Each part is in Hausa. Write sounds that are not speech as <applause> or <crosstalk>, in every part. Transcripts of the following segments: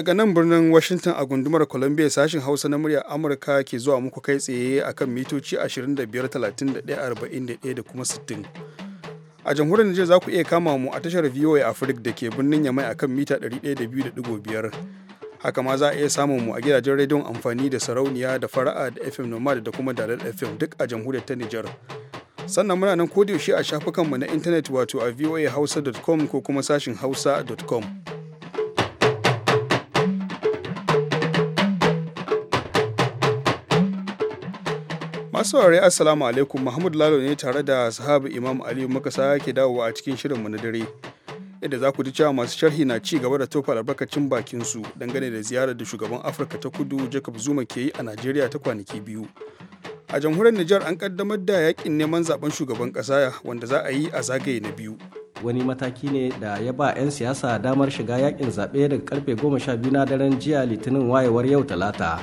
daga nan birnin washington a gundumar columbia sashin hausa na muryar amurka ke zuwa muku kai tsaye akan mitoci 25 31 da kuma 60 a jamhuriyar Nijar za ku iya kama mu a tashar VOA afirik da ke birnin Yamai akan mita 102.5 haka ma za a iya samun mu a gidajen rediyon amfani da sarauniya da fara'a da FM Nomad da kuma Dalal FM duk a jamhuriyar ta Nijar sannan muna nan kodiyoshi a shafukanmu na intanet wato a voahausa.com ko kuma sashin hausa.com Masu saurare Assalamu alaikum Muhammadu Lalo ne tare da sahabu Imam Aliyu Makasa ke dawowa a cikin shirinmu na dare. Yadda za ku ji cewa masu sharhi na ci gaba da tofa albarkacin bakin su dangane da ziyarar da shugaban Afirka ta Kudu Jacob Zuma ke yi a Najeriya ta kwanaki biyu. A jamhuriyar Nijar an kaddamar da yakin neman zaben shugaban kasa wanda za a yi a zagaye na biyu. wani mataki ne da ya ba 'yan siyasa damar shiga yakin zaɓe daga karfe 12 na daren jiya litinin wayewar yau talata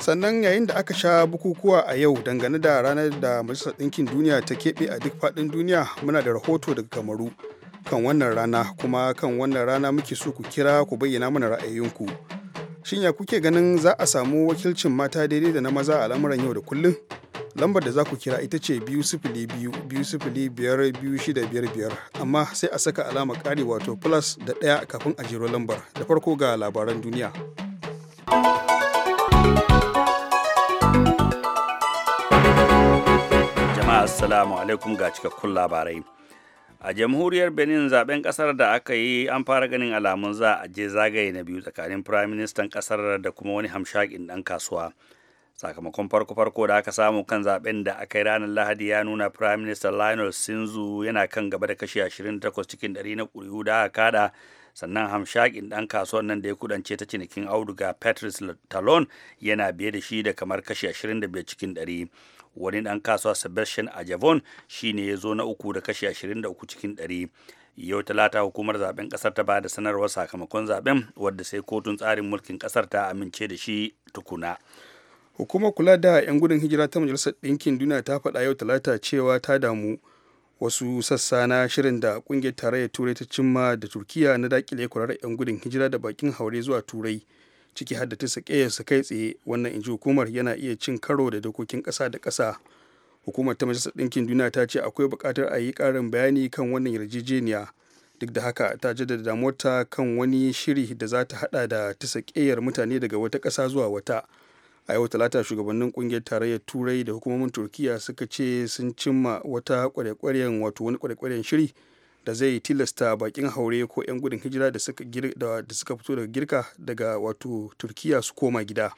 sannan yayin da aka sha bukukuwa a yau dangane da ranar da majalisar ɗinkin duniya ta keɓe a duk faɗin duniya muna da rahoto daga kamaru kan wannan rana kuma kan wannan rana muke so ku kira ku bayyana mana ra'ayoyinku shin ya kuke ganin za a samu wakilcin mata daidai da na maza a lamuran yau da kullum lambar da za ku kira ita ce biyu sifili biyu biyu sifili biyar biyu shida biyar biyar amma sai a saka alama ƙari wato plus da ɗaya kafin a jero lambar da farko ga labaran duniya. Assalamu alaikum ga cikakkun labarai. A jamhuriyar Benin zaben kasar da aka yi an fara ganin alamun za a je zagaye na biyu tsakanin firaministan kasar da kuma wani hamshakin dan kasuwa. Sakamakon farko-farko da aka samu kan zaben da aka yi ranar Lahadi ya nuna firaministan Lionel Sinzu yana kan gaba da kashi 28 cikin 100 na kuri'u da aka kada sannan hamshakin ɗan kasuwan nan da ya kudance ta cinikin auduga patrice talon yana biye da shi da kamar kashi 25 cikin 100 wani ɗan kasuwa sebastian ajavon shine ya zo na uku da kashi 23 cikin 100 yau talata hukumar zaben kasar ta bada sanarwar sakamakon zaben wadda sai kotun tsarin mulkin kasar ta amince da shi tukuna hukumar kula da 'yan gudun hijira ta majalisar ɗinkin duniya ta faɗa yau talata cewa ta damu wasu sassa na shirin da kungiyar tarayyar turai ta cimma da turkiya na dakile kwararren 'yan gudun hijira da bakin haure zuwa turai ciki har da ta su kai tsaye wannan inji hukumar yana iya cin karo da dokokin kasa da ƙasa hukumar ta majalisar ɗinkin duniya ta ce akwai buƙatar a yi ƙarin bayani kan wannan yarjejeniya duk da haka ta jaddada damuwarta kan wani shiri da za ta hada da ta mutane daga wata ƙasa zuwa wata a yau talata shugabannin kungiyar tarayyar turai da hukumomin turkiya suka ce sun cimma wata kwarekwaren wato wani kwarekwaren shiri da zai tilasta bakin haure ko 'yan gudun hijira da suka fito daga girka daga wato turkiya su koma gida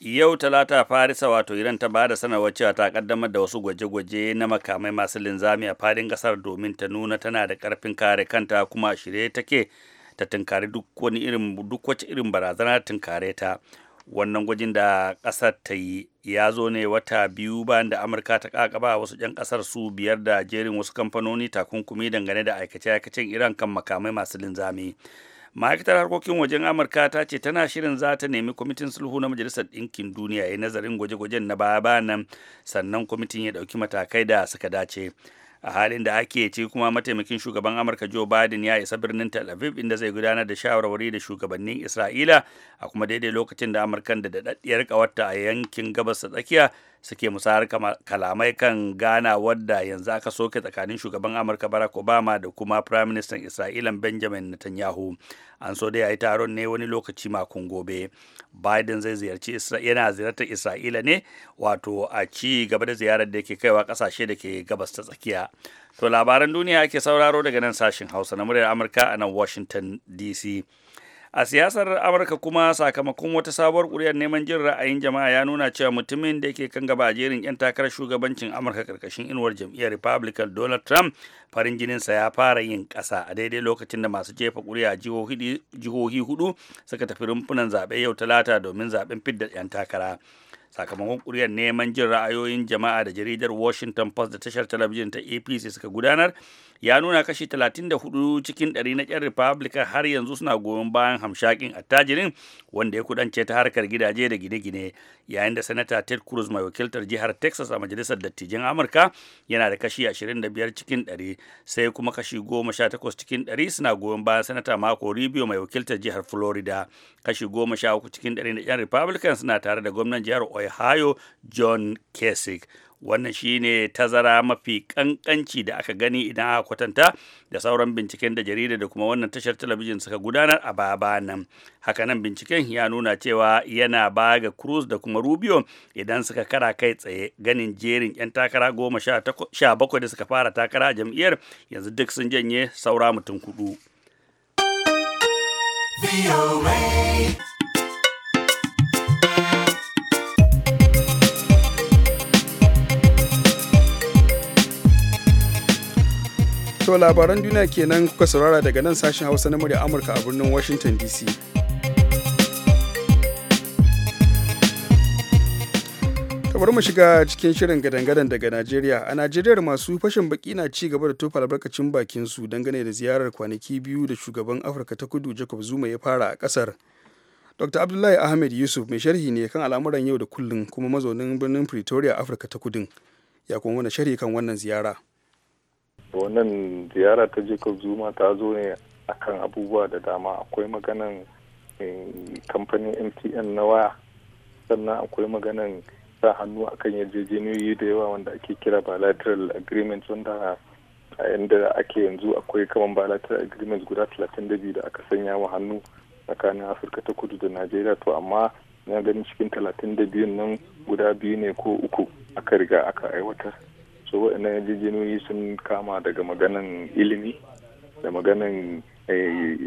yau talata farisa wato iran ta bada sanarwar cewa ta kaddamar da wasu gwaje-gwaje na makamai masu linzami a fadin kasar domin ta nuna tana da karfin kare kanta kuma shirye take ta tunkari duk wani irin duk wacce irin barazana tunkare ta wannan gwajin da ƙasar ta yi ya zo ne wata biyu bayan da amurka ta kakaba wasu 'yan kasar su biyar da jerin wasu kamfanoni takunkumi dangane da aikace-aikacen iran kan makamai masu linzami ma'aikatar harkokin wajen amurka ta ce tana shirin za ta nemi kwamitin sulhu na majalisar ɗinkin duniya ya nazarin gwaje-gwajen na baya nan sannan kwamitin ya ɗauki matakai da suka dace a halin da ake ci kuma mataimakin shugaban amurka joe biden ya isa birnin tel aviv inda zai gudanar da shawarwari da shugabannin isra'ila a kuma daidai lokacin da amurkan da daɗaɗɗiyar ƙawarta a yankin gabas ta tsakiya suke musayar kalamai kan gana wadda yanzu aka soke tsakanin shugaban amurka barack obama da kuma prime minister isra'ila benjamin netanyahu an so da ya yi taron ne wani lokaci makon gobe biden zai ziyarci yana ziyartar isra'ila ne wato a ci gaba da ziyarar da ke kaiwa kasashe da ke gabas ta tsakiya to labaran duniya ake sauraro daga nan sashen hausa na muryar amurka a nan washington dc a siyasar amurka kuma sakamakon wata sabuwar ƙuri'ar neman jin ra'ayin jama'a ya nuna cewa mutumin da ke kan gaba a jerin 'yan takarar shugabancin amurka karkashin inuwar jam'iyyar republican donald trump farin jininsa ya fara yin ƙasa a daidai lokacin da masu jefa ƙuri'a jihohi hudu suka tafi rumfunan zaɓe yau talata domin zaɓen fidda 'yan takara sakamakon ƙuri'ar neman jin ra'ayoyin jama'a da jaridar washington post da tashar talabijin ta apc suka gudanar ya nuna kashi 34 cikin 100 na 'yan republican har yanzu suna goyon bayan hamshakin attajirin wanda ya kudance ta harkar gidaje da gine-gine yayin da sanata ted cruz mai wakiltar jihar texas a majalisar dattijan amurka yana da kashi 25 cikin 100 sai kuma kashi 18 cikin 100 suna goyon bayan sanata marco rubio mai wakiltar jihar florida kashi 13 cikin 100 na 'yan republican suna tare da gwamnan jihar ohio john kasich wannan shine tazara mafi kankanci da aka gani idan aka kwatanta da sauran binciken da jarida da kuma wannan tashar talabijin suka gudanar a baba nan hakanan binciken ya nuna cewa yana ga cruz da kuma rubio idan suka kara kai tsaye ganin jerin 'yan takara goma sha bakwai da suka fara takara a jam'iyyar yanzu duk sun janye saura mutum kudu. To labaran duniya kenan kuka saurara daga nan sashen Hausa na murya Amurka a birnin Washington DC. kamar mu shiga cikin shirin gadangadan daga Najeriya. A Najeriya masu fashin baki na ci gaba da tofa albarkacin bakin su dangane da ziyarar kwanaki biyu da shugaban Afirka ta Kudu Jacob Zuma ya fara a kasar. Dr. Abdullahi Ahmed Yusuf mai sharhi ne kan al'amuran yau da kullum kuma mazaunin birnin Pretoria Afirka ta kudu Ya kuma wani sharhi kan wannan ziyara. wannan ziyara ta jacob zuma ta zo ne akan abubuwa da dama akwai maganan eh, kamfanin mtn na waya sannan akwai maganan sa hannu akan yarjejeniyoyi da yawa wanda ake kira bilateral agreement wanda a yadda ake yanzu akwai kaman bilateral agreement guda 32 da aka sanya wa hannu tsakanin afirka ta kudu da najeriya to amma na ganin cikin 32 nan guda biyu ne ko uku aka riga aka aiwatar so na yarjejeniyoyi sun kama daga maganan ilimi da maganan eh,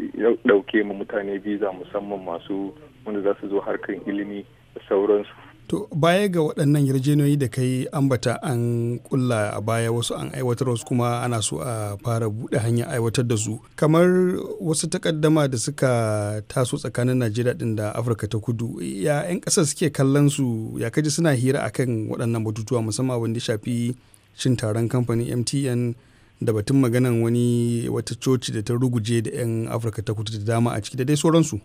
ɗauke mu mutane biza musamman masu wanda za su zo harkar ilimi da sauransu to baya ga waɗannan yarjejeniyoyi da kai ambata an kulla a baya wasu an aiwatar wasu kuma ana so a fara buɗe hanyar aiwatar da su kamar wasu takaddama da suka taso tsakanin najeriya ɗin da afirka ta kudu ya 'yan ƙasar suke kallon su ya kaji suna hira akan waɗannan batutuwa musamman wanda shafi cin taron kamfanin mtn da batun maganan wani wata coci da ta ruguje da 'yan afirka ta kudu da dama a ciki da dai sauransu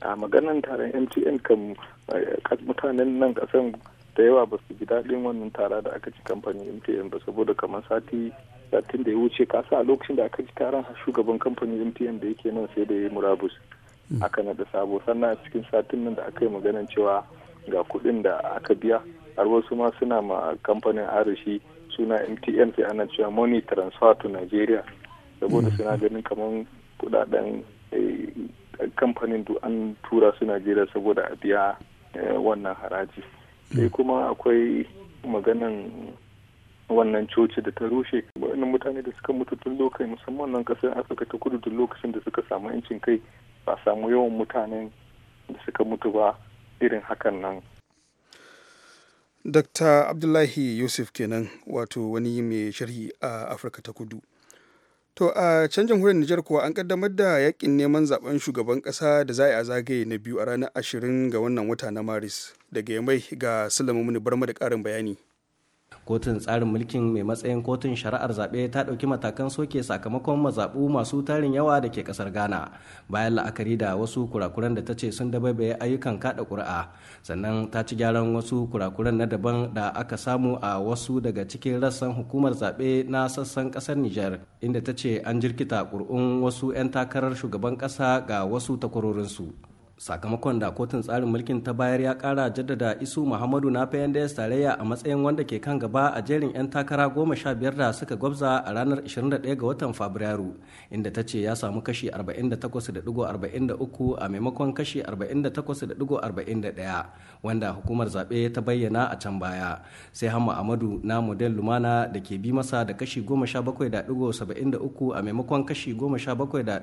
a maganan taron mtn kan eh, mutanen nan kasan da yawa ba su ji daɗin wannan tara da aka ci kamfanin mtn ba saboda kamar sati satin da ya wuce kasa a lokacin da aka ci taron shugaban kamfanin mtn da yake nan sai da ya murabus hmm. aka da sabo sannan a cikin satin nan da aka yi maganan cewa ga kuɗin da aka biya har wasu ma suna ma kamfanin arashi suna mtn sai ana cewa money transfer to nigeria saboda mm. suna ganin kamar kudaden eh, kamfanin duk an tura su Nigeria saboda a biya eh, wannan haraji sai mm. kuma akwai maganan wannan coci da ta rushe wannan mutane da suka mutu tun lokacin musamman nan kasar afirka ta kudu tun lokacin da suka samu yancin kai ba samu yawan mutanen da suka mutu ba irin hakan nan dr abdullahi yusuf kenan wato wani mai sharhi a afirka ta kudu to a can jamhuriyar nijar kuwa an kaddamar da yakin neman zaben shugaban kasa da za a zagaye na biyu a ranar ashirin ga wannan wata na maris daga yamai ga sulaiman muni barma da ƙarin bayani kotun tsarin mulkin mai matsayin kotun shari'ar zaɓe ta ɗauki matakan soke sakamakon mazaɓu masu tarin yawa da ke ƙasar ghana bayan la'akari da wasu kurakuran da ta ce sun dabaibaye ayyukan kaɗa ƙuri'a sannan ta ci gyaran wasu kurakuran na daban da aka samu a wasu daga cikin rassan hukumar zaɓe na sassan ƙasar Nijar, inda ta ce an jirkita ƙuri'un wasu 'yan takarar shugaban ƙasa ga wasu takwarorinsu sakamakon da kotun tsarin mulkin ta bayar ya kara jaddada isu muhammadu na fayan da tarayya a matsayin wanda ke kan gaba a jerin 'yan takara goma sha biyar da suka gwabza a ranar 21 ga watan fabrairu inda ta ce ya samu kashi 48.43 a maimakon kashi 48.41 wanda hukumar zaɓe ta bayyana a can baya sai hamma amadu na model lumana da ke bi masa da kashi 17.73 a maimakon kashi 17.79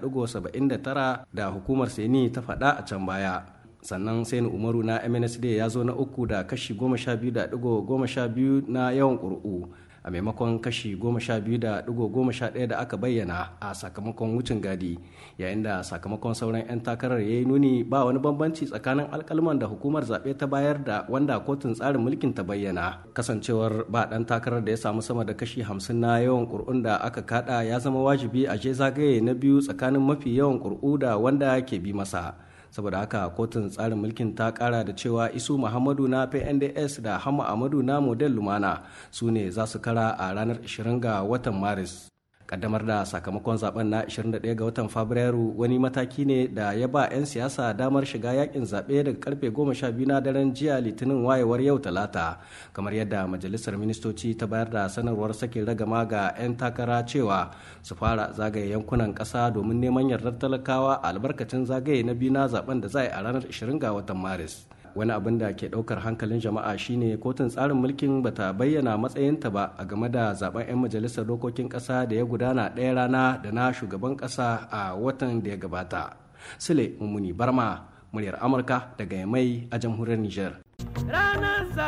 da hukumar seni ta faɗa a can can baya sannan sai umaru na mnsd ya zo na uku da kashi 12.12 na yawan ƙuri'u a maimakon kashi 12.11 da aka bayyana a sakamakon wucin gadi yayin da sakamakon sauran 'yan takarar ya yi nuni ba wani bambanci tsakanin alkalman da hukumar zaɓe ta bayar da wanda kotun tsarin mulkin ta bayyana kasancewar ba ɗan takarar da ya samu sama da kashi 50 na yawan ƙuri'un da aka kaɗa ya zama wajibi a je zagaye na biyu tsakanin mafi yawan ƙuri'u da wanda ke bi masa saboda haka kotun tsarin mulkin ta kara da cewa isu muhammadu na pnds da hama amadu na model lumana su ne za su kara a ranar 20 ga watan maris kaddamar da sakamakon zaben na 21 ga watan fabrairu wani mataki ne da ya ba 'yan siyasa damar shiga yakin zaɓe daga karfe 12 na daren jiya litinin wayewar yau talata kamar yadda majalisar ministoci ta bayar da sanarwar sakin ragama ga 'yan takara cewa su fara zagaye yankunan ƙasa domin neman yardar talakawa a albarkacin zagaye na biyu na zaben da za a yi a ranar 20 ga watan maris wani abin da ke daukar hankalin jama'a shine kotun tsarin mulkin bata bayyana matsayinta ba a game da zaben 'yan majalisar dokokin kasa da ya gudana ɗaya rana da na shugaban kasa a watan da ya gabata sule mummuni barma muryar amurka daga mai a jamhuriyar niger ranar na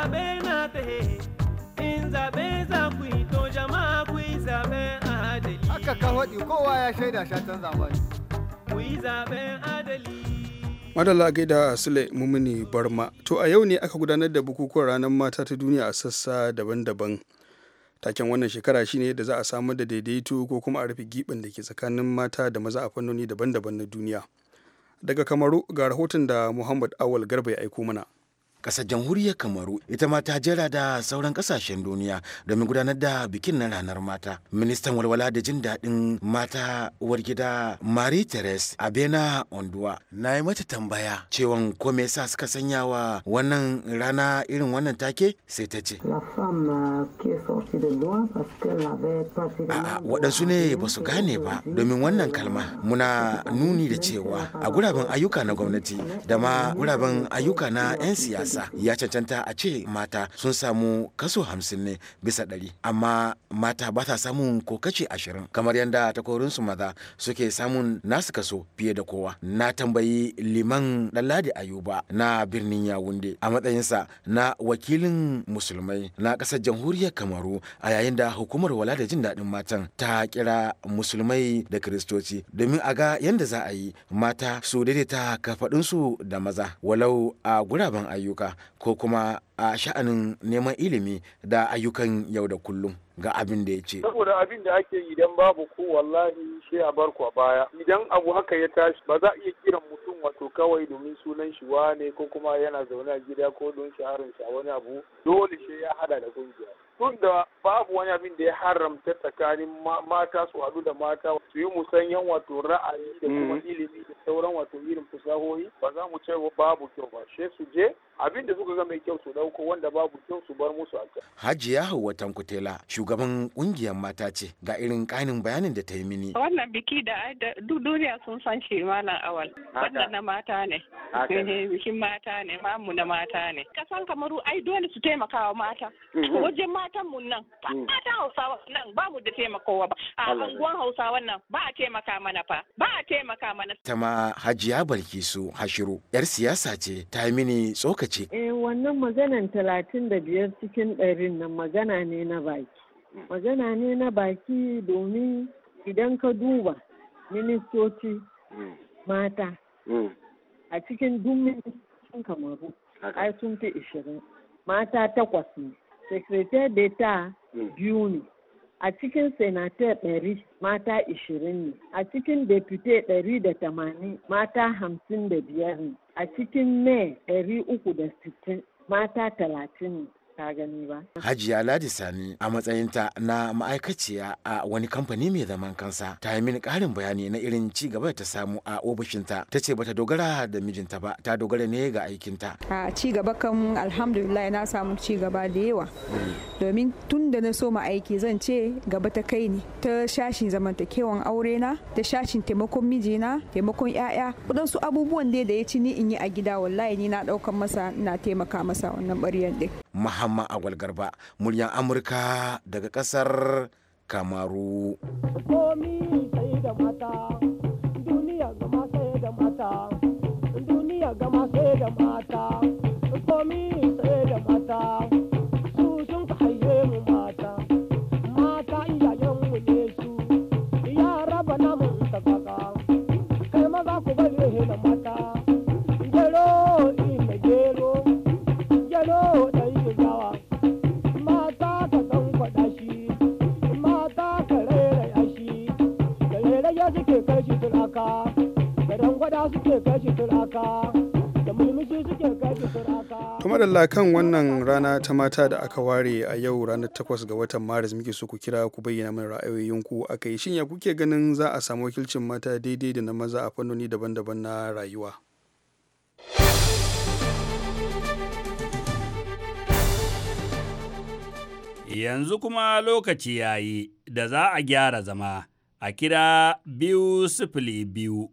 haka kan kowa ya shaida shatan zamani ku yi zaben adali madalla gaida sule mumuni barma to a yau ne aka gudanar da bukukuwan ranar mata ta duniya a sassa daban-daban taken wannan shekara shine yadda za a samar da daidaito ko kuma a rufe gibin da ke tsakanin mata da maza a fannoni daban-daban na duniya daga kamaru ga rahoton da muhammad awal garba ya aiko mana ƙasar jamhuriyar kamaru ita ma ta jera da sauran kasashen duniya domin gudanar da bikin na ranar mata ministan walwala da jin daɗin mata uwar gida marie therese abena onduwa na yi mata tambaya cewan ko me yasa suka sanya wa wannan rana irin wannan take sai ta ce euh, waɗansu ne ba su gane euh, ba domin wannan kalma muna nuni da cewa a guraben ayyuka na gwamnati da ma guraben ayyuka na 'yan siyasa ya cancanta a ce mata sun samu kaso hamsin ne bisa ɗari amma mata ba ta samun ko kace ashirin kamar yadda su maza suke samun nasu kaso fiye da kowa na tambayi liman ɗanladi ayuba na birnin yawunde a matsayinsa na wakilin musulmai na ƙasar jamhuriyar kamaru a yayin da hukumar wala da jin daɗin matan ta kira musulmai da kiristoci domin a ga yadda za a yi mata su daidaita kafaɗinsu da maza walau a guraben ayyuka ayyuka ko kuma a sha'anin neman ilimi da ayyukan yau da kullum ga abin da ya ce. Saboda abin da ake idan babu ko wallahi sai a bar ku a baya. Idan abu haka ya tashi ba za a iya kiran mutum wato kawai domin sunan shi wa ne ko kuma yana zaune a gida ko don shaharin sa wani abu dole sai ya hada da kungiya. da babu wani abin da ya haramta tsakanin mata su haɗu da mata su yi musanyen wato ra'ayi da kuma mm. ilimi da sauran wato irin fasahohi ba za mu ce babu kyau ba she su je abin da suka ga mai kyau su dauko wanda babu kyau su bar musu a can. Hajiya Hauwa Tankutela shugaban kungiyar mata ce ga irin kanin bayanin da ta yi mini. Wannan biki da duk duniya sun san shi malam awal. Wannan na mata ne. <laughs> Bikin mata ne, mamu na mata ne. Kasan kamaru ai dole su taimakawa wa mata mm-hmm. matan mu nan hmm. hausawa nan ba mu da taimakowa ba a unguwan hausawa nan ba a taimaka mana fa ba a taimaka mana ta ma hajiya balkisu hashiru yar siyasa ce ta mini tsokace eh wannan maganan talatin da biyar cikin ɗarin nan magana ne na baki magana ne na baki domin idan ka duba ministoci hmm. mata hmm. a cikin duk kamaru ai sun fi ishirin mata takwas ne Sekretar Deta hmm. biyu ne, a cikin Senator ɗari mata ishirin ne, a cikin Depute ɗari da tamanin mata hamsin da biyar ne, a cikin Mai ɗari uku da sittin mata talatin ne. Hajiya Ladi Sani a matsayinta na ma'aikaciya a wani kamfani mai zaman kansa ta yi mini ƙarin bayani na irin ci gaba da ta samu a ofishinta ta ce bata dogara da mijinta ba ta dogara ne ga aikinta. A ci gaba kan alhamdulillah na samu ci gaba da yawa domin tun da na so aiki zan ce gaba ta kai ni ta shashin zamantakewan aure na ta shashin taimakon mijina taimakon 'ya'ya waɗansu abubuwan da ya ci ni in yi a gida wallahi ni na ɗaukan masa na taimaka masa wannan ɓaryan ɗin. Muhammad Agwal Garba, muryar Amurka daga ƙasar Kamaru. Komi sai da mata. kamar kan wannan rana ta mata da aka ware a yau ranar takwas ga watan maris muke so ku kira ku bayyana mana ra'ayoyinku a kai shin ya kuke ganin za a samu wakilcin mata daidai da na maza a fannoni daban-daban na rayuwa yanzu kuma lokaci ya yi da za a gyara zama a kira biyu sifili biyu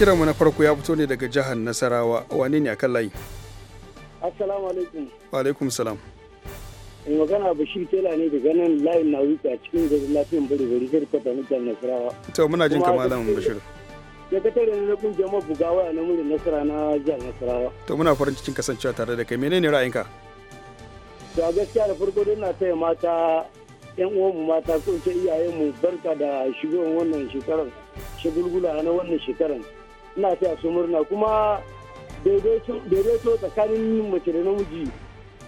mu na farko ya fito ne daga jihar Nasarawa wane ne akan layi? Assalamu alaikum. Wa alaikum salam. In magana Bashir Tela ne daga nan layin na wuce a cikin garin lafiyan bari bari sai kwata da jihar Nasarawa. To muna jin kamalan Bashir. ne na kungiyar buga waya na murin Nasara na jihar Nasarawa. To muna farin cikin kasancewa tare da kai menene ra'ayinka? To a gaskiya da farko dai na taya mata yan uwanmu mata ko ce iyayenmu barka da shigowar wannan shekarar shagulgula na wannan shekarar ina taya su murna kuma daidaito tsakanin mace da namiji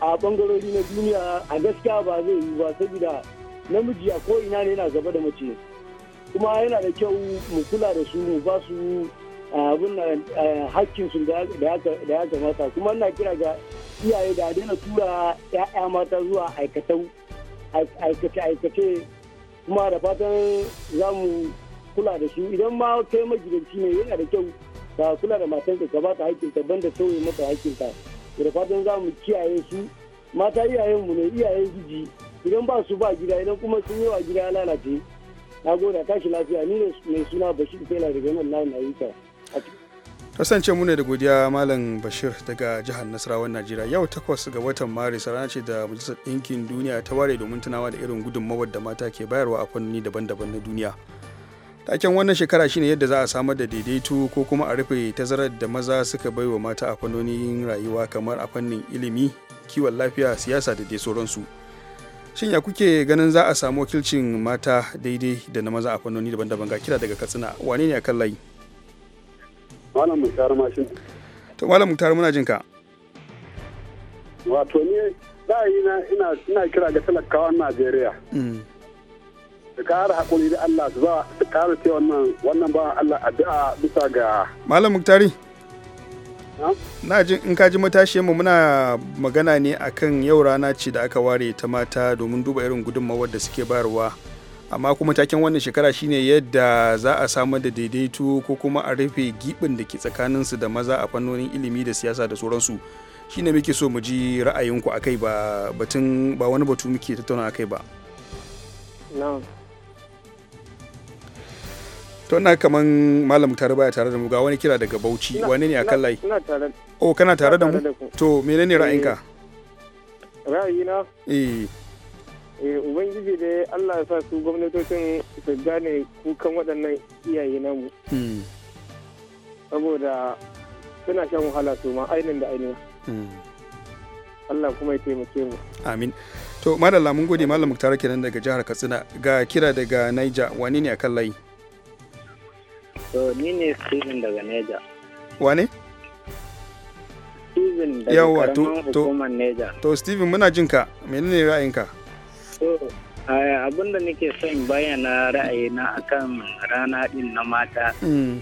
a bangarori na duniya a gaskiya ba zai yi ba saboda namiji a ko'ina ne yana gaba da mace kuma yana da kyau mu kula da su mu ba su eh, abin eh, hakkin su da ya kamata kuma ina kira ga iyaye da daina tura 'ya'ya mata zuwa aikatau aikace-aikace kuma da fatan za mu kula da su idan ma kai magidanci ne yana da kyau ka kula da matan ka ba ta ta banda sauye mata ta da fatan za mu kiyaye su mata iyayen mu ne iyayen giji idan ba su ba gida idan kuma sun yi wa gida ya lalace na goda tashi lafiya ni ne mai suna bashir fela daga nan na ayyuka kasance mu ne da godiya malam bashir daga jihar nasarawar najeriya yau takwas ga watan maris rana ce da majalisar ɗinkin duniya ta ware domin tunawa da irin gudunmawar da mata ke bayarwa a fannoni daban-daban na duniya taken wannan shekara shine yadda za a samar da daidaito ko kuma a rufe tazarar da maza suka bai wa mata a fannonin rayuwa kamar a fannin ilimi kiwon lafiya siyasa da dai sauransu shin ya kuke ganin za a samu wakilcin mata daidai da na maza a fannoni daban-daban ga kira daga katsina wane ne a kan layi malam muktar mashin to malam muktar muna jin ka wato ne a ina ina kira ga talakawan najeriya mm. da kara haƙuri da Allah su ba su kara ce wannan wannan ba Allah addu'a bisa ga Malam Muktari Na ji in ka ji matashi mu muna magana ne akan yau rana ce da aka ware ta mata domin duba irin gudunmawar da suke bayarwa amma kuma taken wannan shekara shine yadda za a samar da daidaito ko kuma a rufe gibin da ke tsakaninsu da maza a fannonin ilimi da siyasa da sauransu shine muke so mu ji ra'ayinku akai ba batun ba wani batu muke tattauna akai ba to ina kaman malam tare baya tare da mu ga wani kira daga Bauchi wani ne a kan layi oh kana tare da mu to menene eh, ra'ayinka ra'ayina eh eh ubangiji dai Allah ya sa su gwamnatocin su gane kukan waɗannan iyaye namu hmm. saboda suna shan wahala su ma ainihin da ainihin hmm. Allah kuma ya taimake mu amin to madalla mun gode malam muktara kenan daga jihar Katsina ga kira daga Niger wani ne a kan layi So ni ne Steven daga Neja. Wane? Steven daga Yawa, to, to, Neja. To Steven muna jin ka, menene ra'ayinka? So, abin da nake son bayyana ra'ayina akan rana din na mata. Mm.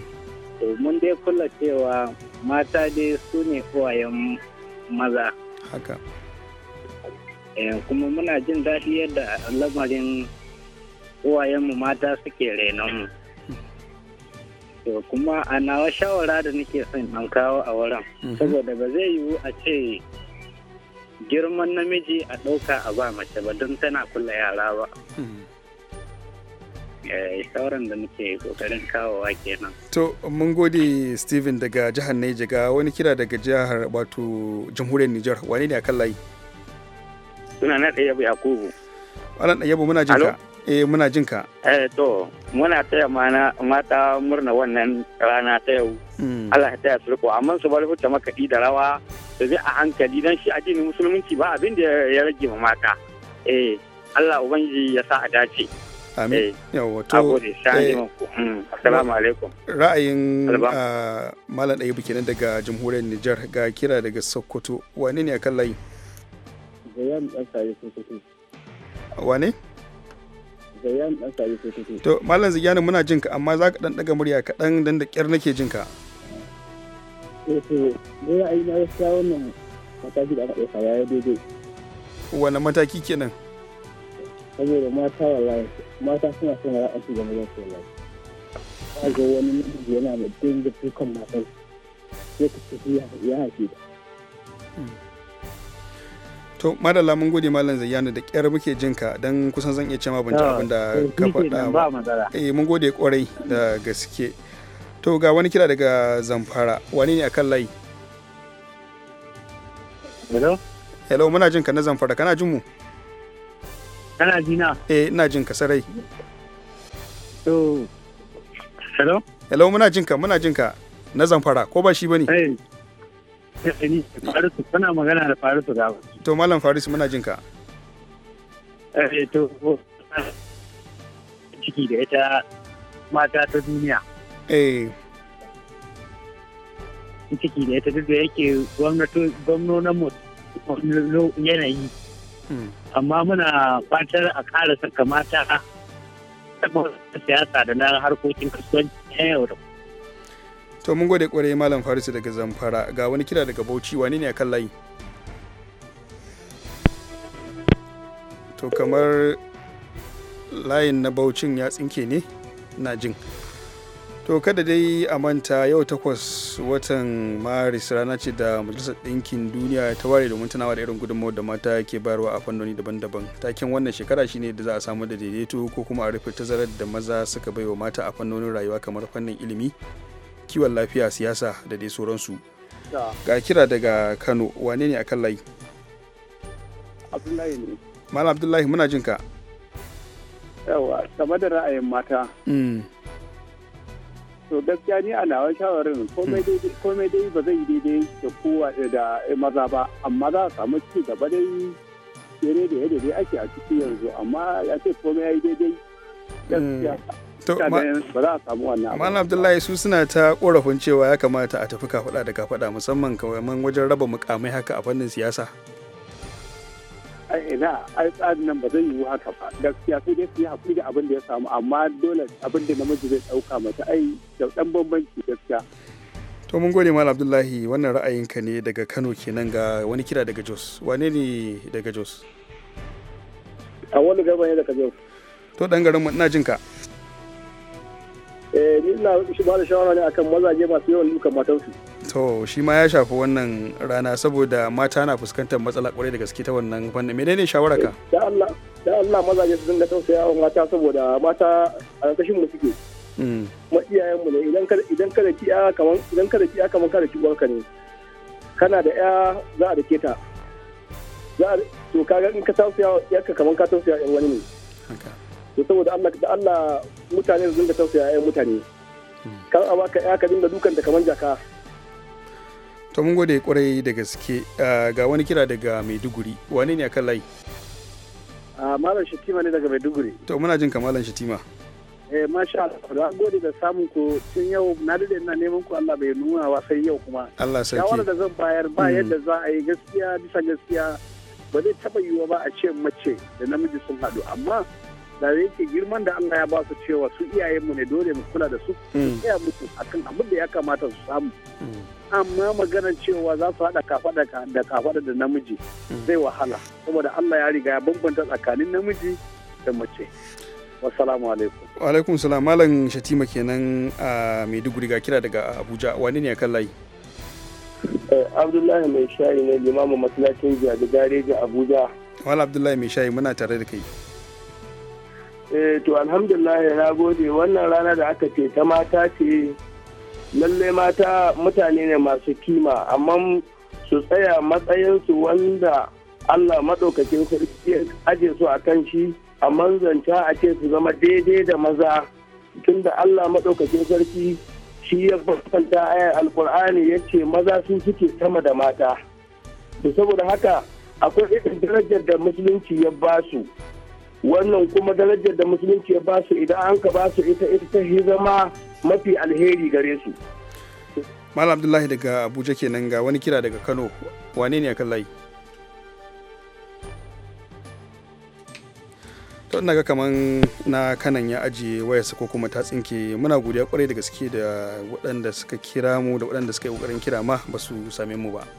To mun dai kula cewa mata dai su ne uwayen maza. Haka. Eh, kuma muna jin daɗi yadda lamarin uwayenmu mata suke renon mu. to kuma a nawa shawara da nake son an kawo a wurin mhm. saboda ba zai yiwu a ce girman namiji a ɗauka a ba mace ba don tana kula yara ba mhm. eh, shawaran da muke kokarin kawowa kenan. To mun gode Steven daga jihar Neja ga wani kira daga jihar wato jamhuriyar Nijar wani ne a kan layi? Suna na Ɗayyabu Yakubu. Alan bu muna jin ka. eh muna jin ka eh to muna taya mana mata murna wannan rana ta yau hmm. Allah ya taya su amma su bar huta makaɗi da rawa da zai a hankali dan shi addinin musulunci ba abin da ya rage ma mata eh Allah ubangiji ya sa a dace Amin. Eh, Yawwa to. Eh, hmm, assalamu alaikum. Ra'ayin ah, Malam Ayubu kenan daga Jamhuriyar Nijar ga kira daga Sokoto. Wane ne a kan layi? Zayan ɗan Sokoto. Wane? To Malam Zigyanin muna jin ka amma za ka ɗanɗaga murya kaɗan dan da ƙyar nake jin ka. Eh, wannan mataki Wane mataki kenan? Saboda mata wallahi mata suna son ra'a su game da su wallahi. Ka ga wani miji yana da dinga dukan matan sai ka tafi ya haife to madalla mun gode malam zayyana da kyar muke jin ka dan kusan zan iya cewa ban ah, abin da ka faɗa ba eh mun gode kwarai da gaske to ga wani kira daga zamfara wani ne akan layi hello hello muna jin ka na zamfara kana jin mu kana jina eh ina jin ka sarai to hello hello muna jin ka muna jin ka na zamfara ko ba shi bane eh ni kana magana da To Malam Farisu muna jin ka. Eh, ciki da ita mata eh. duk da yake gwamnonin mu yanayi. Hmm. Amma muna fatar a kara saka mata siyasa da na harkokin kasuwanci yau da to mun gode kware malam farisu daga zamfara ga wani kira daga bauchi wane ne a kan layi to kamar layin na bauchin ya tsinke ne na jin to kada dai a manta yau takwas watan maris rana ce da majalisar ɗinkin duniya ta ware domin tunawa da irin gudunmawar da mata ke bayarwa a fannoni daban-daban taken wannan shekara shine da za a samu da daidaito ko kuma a rufe tazarar da maza suka baiwa mata a fannonin rayuwa kamar fannin ilimi kiwon lafiya siyasa da dai sauransu ga kira daga kano wane ne a kan layi abdullahi ne malam abdullahi muna jinka yawa game da ra'ayin mata mm. to gaskiya ni a nawa shawarin komai mm. dai ba zai daidai da kowa da maza ba amma za a samu ci gaba dai daidai da yadda dai ake a ciki yanzu amma ya ce komai ya yi daidai gaskiya mm. ba za a samu wannan malam abdullahi su suna ta korafin cewa ya kamata a tafi kafaɗa da kafaɗa musamman kawai wajen raba mukamai haka a fannin siyasa ai ina ai tsari nan ba zai yiwu haka ba gaskiya sai dai su yi hakuri da abin da ya samu amma dole abin da namiji zai ɗauka mata ai da ɗan bambanci gaskiya to mun gode malam abdullahi wannan ra'ayinka ne daga kano kenan ga wani kira daga jos wane ne daga jos a wani gaba ne daga jos to dan garin mu ina jinka ka Eh, ni ba da shawara ne akan mazaje masu yawan dukan matansu to shi ma ya shafi wannan rana saboda mata na fuskantar matsala kwarai da gaske ta wannan fannin menene shawara ka da Allah da Allah mazaje su dinga tausaya wa mata saboda mata a kashin mu suke mm. kuma iyayen mu ne idan kada idan kada ki ya kaman idan kada ki ya kaman ki uwarka ne kana da ya za a dake ta za to kaga in ka tausaya yarka kaman ka tausaya yan wani ne haka to saboda Allah da Allah mutane su dinga tausaya ƴaƴan mutane kan a baka ya ka dinga dukan da kaman jaka to mun gode kwarai da gaske ah, ga wani kira daga Maiduguri wane ne akan layi a ah, malam Shatima ne daga Maiduguri to muna jin ka malam Shatima eh masha Allah da gode da samun ku tun yau na dade ina neman ku Allah bai nuna wa sai yau kuma Allah sarki ya da zan bayar ba mm. yadda za a yi gaskiya bisa gaskiya ba zai taba yiwa ba a ce mace da namiji sun haɗu amma da yake girman da Allah ya ba su cewa su iyayenmu ne dole mu kula da su su hmm. tsaya musu akan abin da ya kamata su samu hmm. amma magana cewa za su haɗa kafaɗa da kafa da namiji hmm. zai wahala saboda Allah ya riga ya bambanta tsakanin namiji da mace wassalamu alaikum wa alaikum salam malam shatima kenan a maiduguri ga kira daga abuja wani ne kan layi eh, abdullahi mai shayi ne limamin masallacin jiya da garejin abuja wala abdullahi mai shayi muna tare da kai Eh, to alhamdulillah na gode wannan rana da aka ce ta mata ce lallai mata mutane ne masu kima amma su tsaya matsayinsu wanda Allah maɗaukakin sarki ya aje su a kan shi a manzanta a ce su zama daidai da maza tunda Allah maɗaukakin sarki shi ya bambanta ayar alkur'ani ya ce maza su suke sama da mata saboda haka akwai irin darajar da musulunci ya ba su wannan kuma darajar da musulunci ya ba su idan an ka ba su ita ita ta zama mafi alheri gare su malam abdullahi daga abuja kenan ga wani kira daga kano wane ne akan layi to ina ga kaman na kanan ya ajiye wayarsa ko kuma ta tsinke muna godiya kwarai da gaske da waɗanda suka kira mu da waɗanda suka yi ƙoƙarin kira ma ba su same mu ba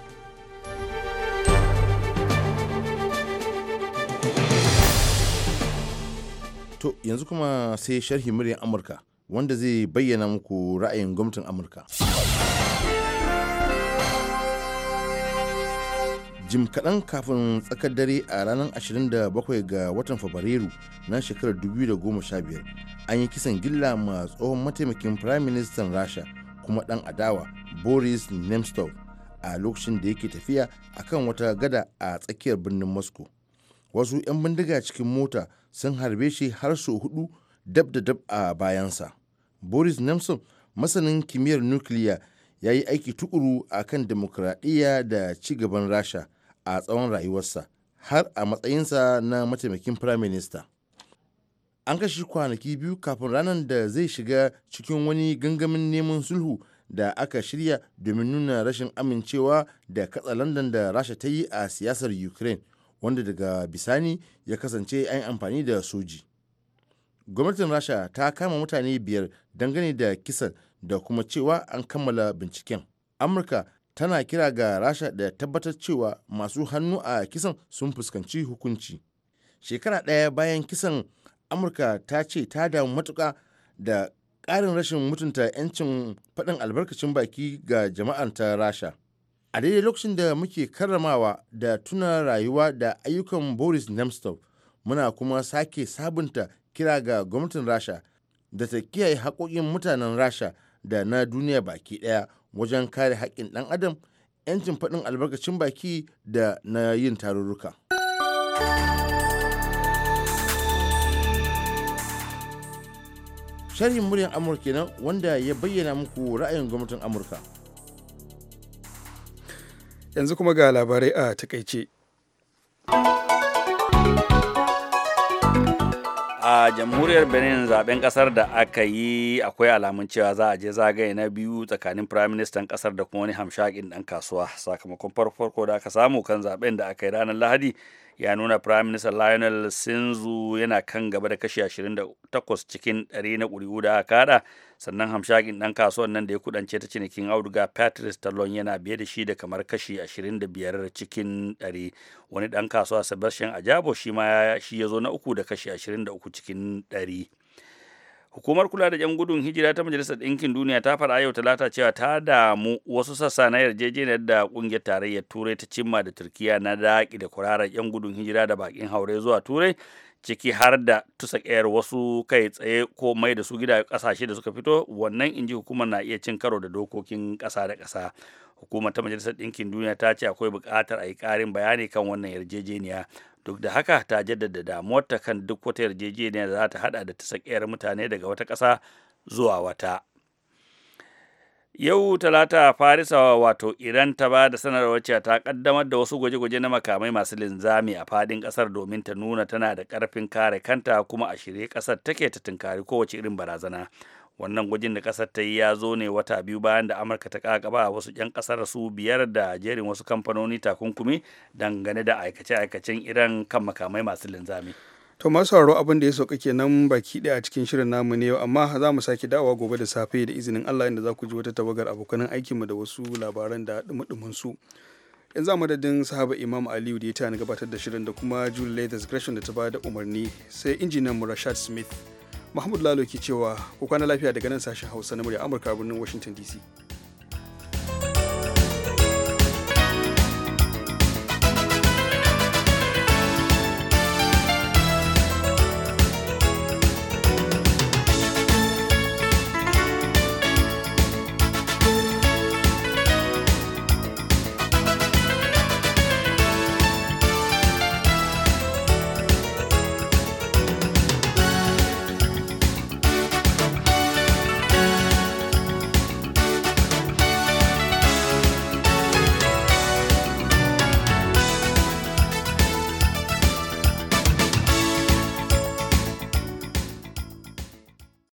To yanzu kuma sai sharhi muryar Amurka wanda zai bayyana muku ra'ayin gwamnatin Amurka. Jim kaɗan kafin tsakar dare a ranar 27 ga watan Fabrairu na shekarar 2015 an yi kisan gilla ma tsohon mataimakin Prime Minister Rasha kuma ɗan adawa Boris Nemtsov a lokacin da yake tafiya akan wata gada a tsakiyar birnin Moscow. wasu 'yan bindiga cikin mota sun harbe shi har sau hudu dab da dab a bayansa boris nemtsov masanin kimiyyar nukiliya ya yi aiki tukuru a kan demokuraɗiyya da ci gaban rasha a tsawon rayuwarsa har a matsayinsa na mataimakin prime minister an kashe kwanaki biyu kafin ranar da zai shiga cikin wani gangamin neman sulhu da aka shirya domin nuna rashin amincewa da katsa london da rasha ta yi a siyasar ukraine wanda daga bisani ya kasance an amfani da soji gwamnatin rasha ta kama mutane biyar dangane da kisan da kuma cewa an kammala binciken amurka tana kira ga rasha da tabbatar cewa masu hannu a kisan sun fuskanci hukunci shekara ɗaya bayan kisan amurka ta ce ta damu matuka da ƙarin rashin mutunta 'yancin faɗin albarkacin baki ga jama'ar ta rasha a daidai lokacin da muke karramawa da tuna rayuwa da ayyukan boris nemtsov muna kuma sake sabunta kira ga gwamnatin rasha da ta kiyaye haƙoƙin mutanen rasha da na duniya baki ɗaya wajen kare haƙƙin ɗan adam 'yancin faɗin albarkacin baki da na yin tarurruka. sharhin muryar amurka kenan wanda ya bayyana muku ra'ayin gwamnatin amurka yanzu kuma ga labarai a takaice a jamhuriyar benin zaben kasar da aka yi akwai alamun cewa za a je zagaye na biyu tsakanin firaministan kasar da kuma wani hamshakin dan kasuwa sakamakon farko da aka samu kan zaben da aka yi ranar lahadi ya nuna firaminista lionel sinzu yana kan gaba da kashi 28 cikin 100 na ƙuri'u da aka kada sannan hamshakin ɗan kasuwan nan da ya kudance ta cinikin auduga patrice talon yana biye da shi da kamar kashi 25 cikin 100 wani ɗan kasuwa sebastian ajabo shi ma shi ya zo na uku da kashi 23 cikin 100 Hukumar kula da 'yan gudun hijira ta Majalisar Ɗinkin Duniya ta fara yau talata cewa ta damu wasu sassa na yarjejeniyar da ƙungiyar tarayyar Turai ta cimma da Turkiya na daƙi da kurarar 'yan gudun hijira da baƙin haure zuwa Turai ciki har da tusa ƙayar wasu kai tsaye ko mai da su gida ƙasashe da suka fito wannan inji hukumar na iya cin karo da dokokin ƙasa da ƙasa. hukumar ta majalisar ɗinkin duniya ta ce akwai buƙatar a yi ƙarin bayani kan wannan yarjejeniya duk da haka ta jaddada damuwarta kan duk wata yarjejeniya da za ta haɗa da ta sakiyar mutane daga wata ƙasa zuwa wata yau talata farisa wato iran ta ba da sanarwar cewa ta kaddamar da wasu gwaje-gwaje na makamai masu linzami a fadin kasar domin ta nuna tana da karfin kare kanta kuma a shirye kasar take ta tunkari kowace irin barazana wannan gwajin da kasar ta yi ya zo ne wata biyu bayan da amurka ta kakaba wasu 'yan kasar su biyar da jerin wasu kamfanoni takunkumi dangane da aikace-aikacen iran kan makamai masu linzami to masu sauraro abin da ya sauka kenan baki ɗaya a cikin shirin namu ne yau amma za mu sake dawowa gobe da safe da izinin allah inda za ku ji wata tawagar abokanan aikinmu da wasu labaran da dumudumin su yanzu a madadin sahaba imam aliyu da ya ta gabatar da shirin da kuma julie leathers gresham da ta ba da umarni sai injiniyan mu rashad smith mahmud lalo ke cewa ku kwana lafiya daga nan sashen hausa na murya amurka birnin washington dc